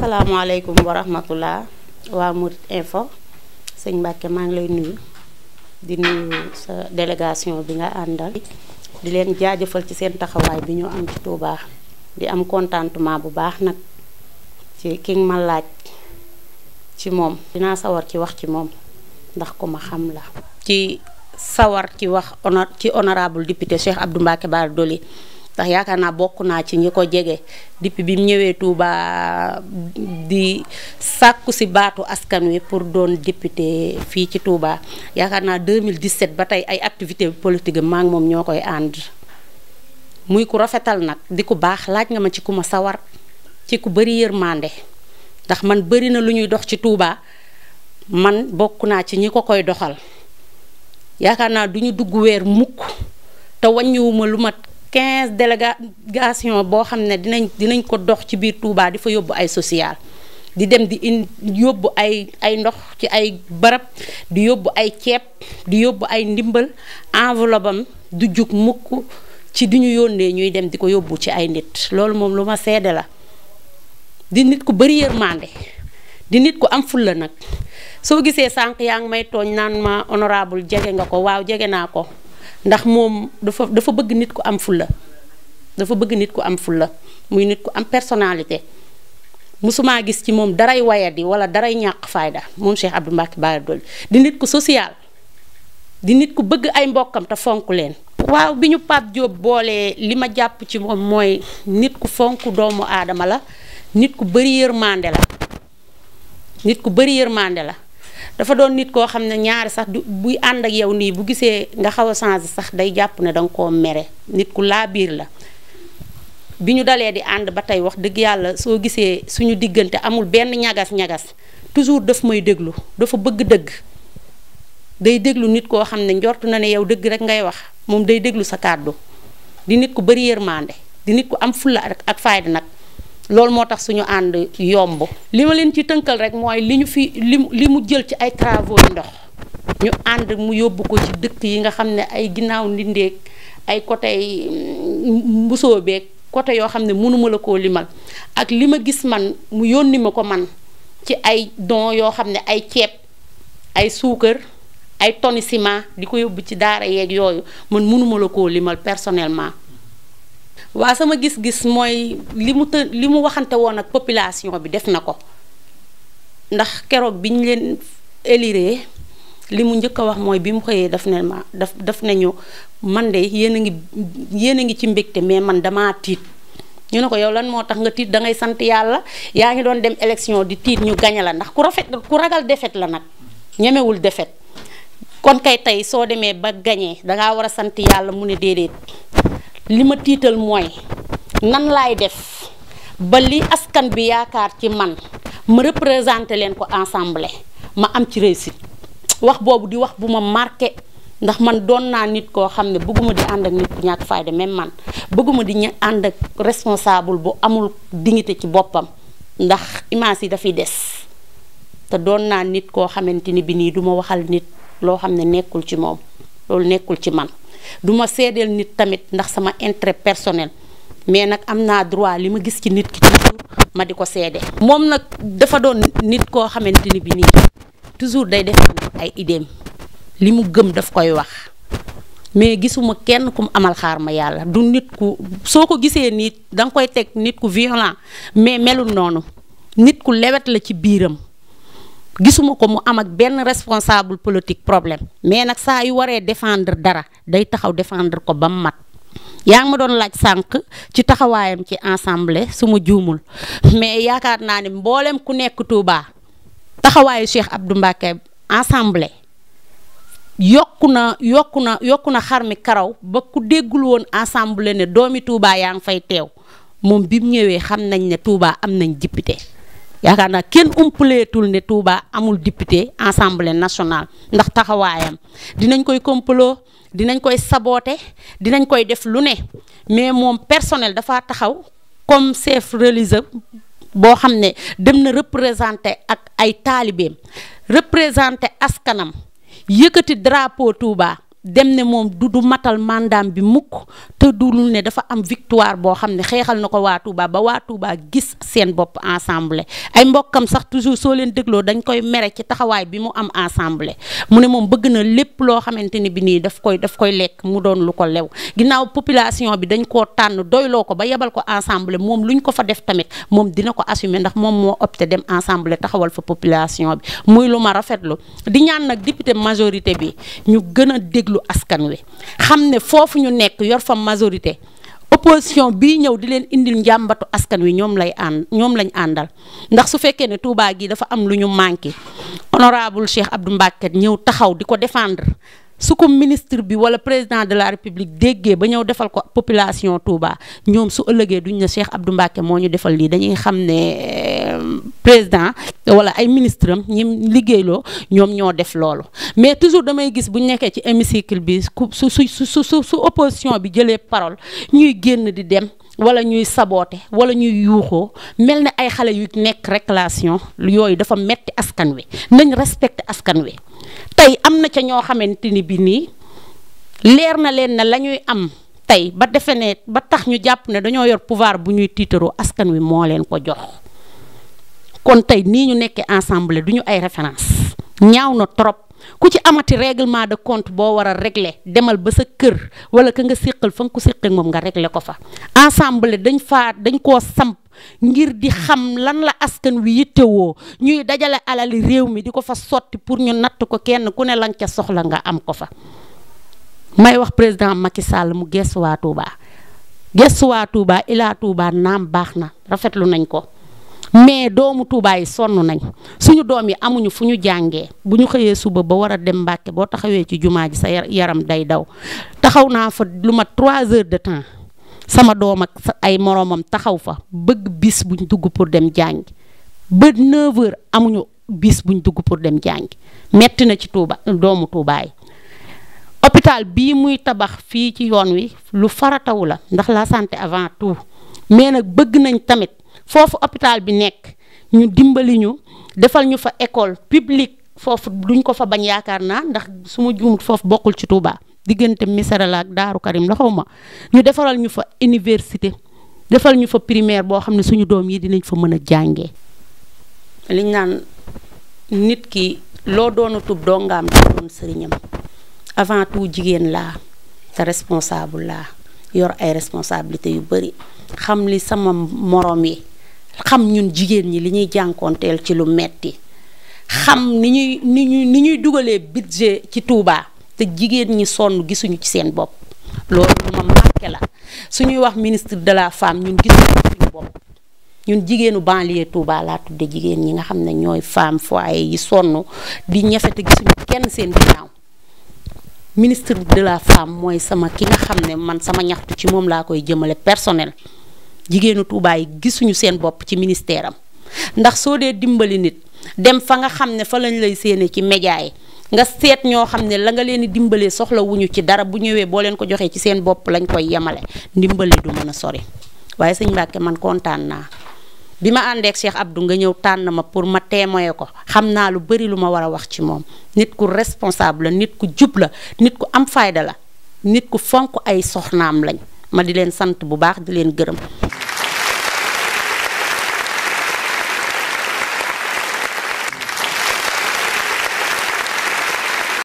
asalaamaaleykum wa rahmatullah waa Mouride Info sëñ Mbacke maa ngi lay nuyu di nuyu sa délégation bi nga àndal di leen jaajëfal ci seen taxawaay bi ñu am ci Touba di am contentement bu baax nag ci ki ma laaj ci moom dinaa sawar ci wax ci moom ndax ku ma xam la ci sawar ci wax honor ci honorable député Cheikh Abdou Mbacke Bara Dolly ndax yaakaar naa bokk naa ci ñi ko jege depuis bi mu ñëwee Touba di sàkku si baatu askan wi pour doon député fii ci Touba yaakaar naa 2017 ba tey ay activité politique maa moom ñoo koy ànd muy ku rafetal nag di ku baax laaj nga ma ci ku ma sawar ci ku bëri yërmande ndax man bëri na lu ñuy dox ci Touba man bokk naa ci ñi ko koy doxal yaakaar naa du ñu dugg weer mukk te wàññiwuma lu mat quinze délégation boo xam ne dinañ dinañ ko dox ci biir Touba di fa yóbbu ay social di dem di in yóbbu ay ay ndox ci ay barab di yóbbu ay ceeb di yóbbu ay ndimbal enveloppe am du jug mukk ci di ñu yónnee ñuy dem di ko yóbbu ci ay nit loolu moom lu ma seede la di nit ku bari yërmande di nit ku am fulla nag soo gisee sànq yaa ngi may tooñ naan ma honorable jege nga ko waaw jege naa ko ndax moom dafa dafa bëgg nit ku am fulla dafa bëgg nit ku am fulla muy nit ku am personnalité musuma gis ci moom daray wayadi wala daray ñàkk fayda moom Cheikh Abdou Mbacké Bara Dolly di nit ku social di nit ku bëgg ay mbokkam te fonk leen. waaw bi ñu Pape Diop boolee li ma jàpp ci moom mooy nit ku fonk doomu aadama la nit ku bëri yërmande la nit ku bëri yërmande la. dafa doon nit koo xam ne ñaari sax du buy ànd ak yow nii bu gisee nga xaw a changé sax day jàpp ne da koo mere nit ku laa biir la bi ñu dalee di ànd ba tey wax dëgg yàlla soo gisee suñu diggante amul benn ñagas-ñagas toujours daf may déglu dafa bëgg dëgg day déglu nit koo xam ne njort na ne yow dëgg rek ngay wax moom day déglu sa kàddu di nit ku bari yërmande di nit ku am fulla ak fayda nag loolu moo tax suñu ànd yomb li ma leen ci tënkal rek mooy li ñu fi li li mu jël ci ay travaux ndox ñu ànd mu yóbbu ko ci dëkk yi nga xam ne ay ginnaaw ndindeeg ay côté mm, mbusoo beeg côté yoo xam ne mënuma la ko limal ak li ma gis man mu yónni ma ko man ci ay don yoo xam ne ay ceeb ay suukar ay tonni di ko yóbbu ci daara yeeg yooyu man mënuma la koo limal personnellement waa sama gis-gis mooy li mu të li mu waxante woon ak population bi def na ko ndax keroog bi ñu leen éliré li mu njëkk a wax mooy bi mu xëyee daf na ma daf daf nañu man de yéen a ngi yéen a ngi ci mbégte mais man damaa tiit ñu ne ko yow lan moo tax nga tiit da ngay sant yàlla yaa ngi doon dem élection di tiit ñu gañe la ndax ku rafet ku ragal defet la nag ñemewul defet kon kay tey soo demee ba gañee dangaa war a sant yàlla mu ne déedéet li ma tiital mooy nan laay def ba li askan bi yaakaar ci man ma représenté leen ko ensemble ma am ci réussite wax boobu di wax bu ma marqué ndax man doon naa nit koo xam ne bëgguma di ànd ak nit ku ñàkk fayda même man bëgguma di ñu ànd ak responsable bu amul dignité ci boppam ndax image yi dafay des te doon naa nit koo xamante ni bi nii du ma waxal nit loo xam ne nekkul ci moom loolu nekkul ci man duma ma nit tamit ndax sama intérêt personnel mais nag am naa droit li ma gis ci nit ki toujours ma di ko seede moom nag dafa doon nit koo xamante ni bi nii toujours day défendre ay idéem li mu gëm daf koy wax mais gisuma kenn kum amal xaar ma yàlla du nit ku soo ko gisee nit danga koy teg nit ku violent mais melul noonu nit ku lewet la ci biiram gisuma ko mu am ak benn responsable politique problème mais nag saa yu waree défendre dara day taxaw défendre ko ba mu mat yaa ngi ma doon laaj sànq ci taxawaayam ci assemblée su ma juumul mais yaakaar naa ni mboolem ku nekk Touba taxawaayu Cheikh Abdou Mbacké assemblée yokku na yokku na yokku na xar mi karaw ba ku déggul woon assemblée ne doomi Touba yaa ngi fay teew moom bi mu ñëwee xam nañ ne Touba am nañ député yaakaar naa kenn umpaleetul ne Touba amul député assemblée nationale ndax taxawaayam dinañ koy complot dinañ koy saboté dinañ koy def lu ne mais moom personnel dafa taxaw comme chef religieux boo xam ne dem na représenté ak ay taalibeem représenté askanam yëkkati drapeau Touba. dem ne moom du du matal mandaam bi mukk te dulul ne dafa am victoire boo xam ne xeexal na ko waa Touba ba waa Touba gis seen bopp ensemble ay mbokkam sax toujours soo leen dégloo dañ koy mere ci taxawaay bi mu am ensemble mu ne moom bëgg na lépp loo xamante ni bi nii daf koy daf koy lekk mu doon lu ko lew ginnaaw population bi dañ koo tànn doyloo ko ba yebal ko ensemble moom luñ ko fa def tamit moom dina ko assumé ndax moom moo opté dem ensemble taxawal fa population bi muy lu ma rafetlu di bi ñu gën a déglu déglu askan wi xam ne foofu ñu nekk yor fa majorité opposition bii ñëw di leen indil njàmbatu askan wi ñoom lay ànd ñoom lañ àndal ndax su fekkee ne Touba gi dafa am lu ñu manqué honorable Cheikh Abdou Mbacké ñëw taxaw di ko defendre su ko ministre bi wala président de la république déggee ba ñëw defal ko population Touba ñoom su ëllëgee duñ ne Cheikh Abdou Mbacké moo ñu defal lii dañuy xam ne président wala ay ministre am ñi liggéeyloo ñoom ñoo def loolu mais toujours damay gis bu ñu nekkee ci hémicycle bi su su su su su opposition bi jëlee parole ñuy génn di dem wala ñuy saboote wala ñuy yuuxoo mel ni ay xale yu nekk réclamation yooyu dafa metti askan wi nañ respecté askan wi tey am na ca ñoo xamante ni bi nii leer na leen na la ñuy am tey ba defe ne ba tax ñu jàpp ne dañoo yor pouvoir bu ñuy tiitaroo askan wi moo leen ko jox kon tey nii ñu nekkee ensemble du ñu ay référence ñaaw na trop ku ci amati réglement de compte boo wara a demal ba sa kër wala ka nga séqal fa nga ko séqal moom nga régler ko fa ensemble dañ faa dañ koo samp ngir di xam lan la askan wi yittewoo ñuy dajale alali réew mi di ko fa sotti pour ñu natt ko kenn ku ne lan ca soxla nga am ko fa may wax président Macky Sall mu gestu waa Touba gestu waa ilaa Touba naam baax na rafetlu nañ ko mais doomu Touba yi sonn nañ suñu doom yi amuñu fu ñu jàngee bu ñu xëyee suba ba war a dem Mbàkke boo taxawee ci jumaa ji sa yaram day daw taxaw naa fa lu ma trois heures de temps sama doom ak ay moroomam taxaw fa bëgg bis buñ dugg pour dem jàngi ba 9 heures amuñu bis buñ dugg pour dem jàngi metti na ci Touba doomu Touba yi hôpital bii muy tabax fii ci yoon wi lu faratawu la ndax la santé avant tout mais nag bëgg nañ tamit. foofu hôpital bi nekk ñu dimbali ñu defal ñu fa école publique foofu duñ ko fa bañ yaakaar naa ndax su ma juumut foofu bokkul ci Touba diggante Misarala ak Daaru Karim la ma ñu defaral ñu fa université defal ñu fa primaire boo xam ne suñu doom yi dinañ fa mën a jànge liñ naan nit ki loo doonatub dongaam daa doon sëriñam avant tout jigéen laa te responsable laa yor ay responsabilité yu bari xam li sama morom yi. xam ñun jigéen ñi li ñuy jànkoonteel ci lu metti xam ni ñuy ni ñuy ni ñuy dugalee budget ci Touba te jigéen ñi sonn gisuñu ci seen bopp loolu lu ma marqué la suñuy wax ministre de la femme ñun gisuñu suñu bopp ñun jigéenu banlieue Touba laa tudde jigéen ñi nga xam ne ñooy femme foyer yi sonn di ñafe te gisuñu kenn seen ginnaaw ministre de la femme mooy sama ki nga xam ne man sama ñaxtu ci moom laa koy jëmale personnel jigéenu Touba gisuñu seen bopp ci ministère am ndax soo dee dimbali nit dem fa nga xam ne fa lañ lay séene ci média yi nga seet ñoo xam ne la nga leen di dimbalee soxlawuñu ci dara bu ñëwee boo leen ko joxee ci seen bopp lañ koy yemale ndimbali du mën a sori waaye sëñ Mbàkke man kontaan naa bi ma àndeek Cheikh Abdou nga ñëw tànn ma pour ma témoigner ko xam naa lu bari lu ma war a wax ci moom nit ku responsable la nit ku jub la nit ku am fayda la nit ku fonk ay soxnaam lañ ma di leen sant bu baax di leen gërëm